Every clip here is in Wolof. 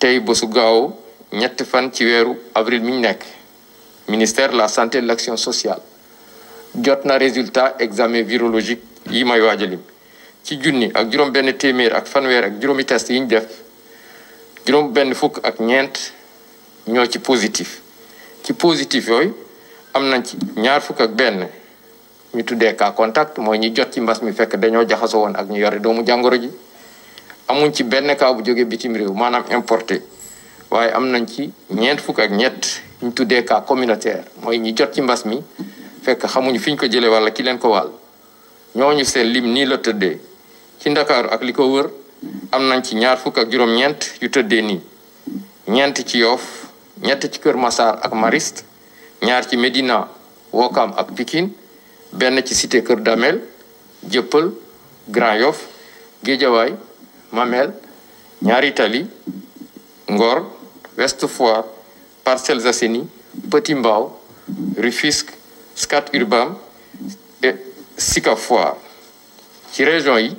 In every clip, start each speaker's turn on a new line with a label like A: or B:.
A: tey bésu gaaw ñetti fan ci weeru avril mi nekk ministère de la santé et de l'action sociale jot na résultat examen virologique yi may waaj a lim ci junni ak juróom benn téeméer ak fanweer ak juróomi test yi ñu def juróom benn fukk ak ñeent ñoo ci positif ci positif yooyu am nañ ci ñaar fukk ak benn ñu tuddee cas contact mooy ñi jot ci mbas mi fekk dañoo jaxasoo woon ak ñu yore doomu jàngoro ji amuñ ci benn cas bu jógee bitim réew maanaam importé waaye am nañ ci ñeent fukk ak ñett ñu tuddee ka communautaire mooy ñi jot ci mbas mi fekk xamuñu fiñ ko jëlee walla ki leen ko wàll ñooñu seen lim nii la tëddee ci Ndakaaru ak li ko wër am nañ ci ñaar fukk ak juróom-ñeent yu tëddee nii ñeent ci yoof ñett ci Kër Massar ak marist ñaar ci Médina Wokam ak Pikine benn ci Cité Kër Damel Jëppal Grand yof Géejawaay Mamel ñaari tali Ngor Ouest Foire Parcelles Assainies Petit Mbao Rufisque Scat Urbam et Sicap Foire ci région yi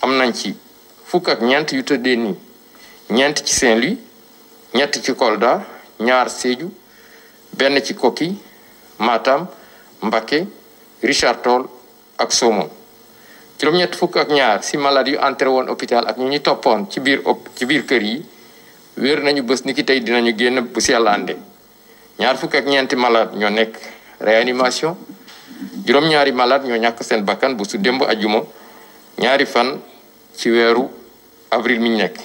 A: am nañ ci fukk ak ñeent yu tëddee nii ñeent ci Saint-Louis ñett ci Kolda ñaar Sédhiou benn ci Koki Matam Mbacké Richard Toll ak Somone juróom fukk ak ñaar si malade yu entré woon hôpital ak ñu ñu toppoon ci biir ci biir kër yi wér nañu bés ni tey dinañu génn bu si ñaar fukk ak ñeenti malade ñoo nekk réanimation juróom-ñaari malade ñoo ñàkk seen bakkan bu su démb ajuma ñaari fan ci weeru avril mi nekk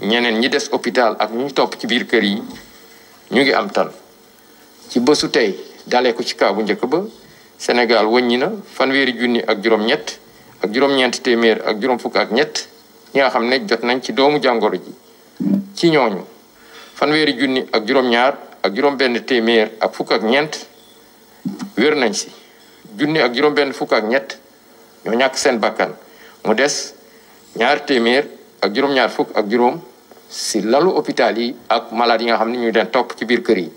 A: ñeneen ñi des hôpital ak ñu topp ci biir kër yi ñu ngi am tan ci bësu tey dalee ko ci kaw njëkk ba Sénégal wëññi na fanweeri junni ak juróom-ñett ak juróom-ñeenti téeméer ak juróom fukk ak ñett ñi nga xam ne jot nañ ci doomu jàngoro ji ci ñooñu fanweeri junni ak juróom-ñaar ak juróom-benn téeméer ak fukk ak ñeent wér nañ si junni ak juróom-benn fukk ak ñett ñoo ñàkk seen bàkkan mu des ñaar téeméer ak juróom-ñaar fukk ak juróom si lalu hôpital yi ak malade yi nga xam ne ñu den topp ci biir kër yi.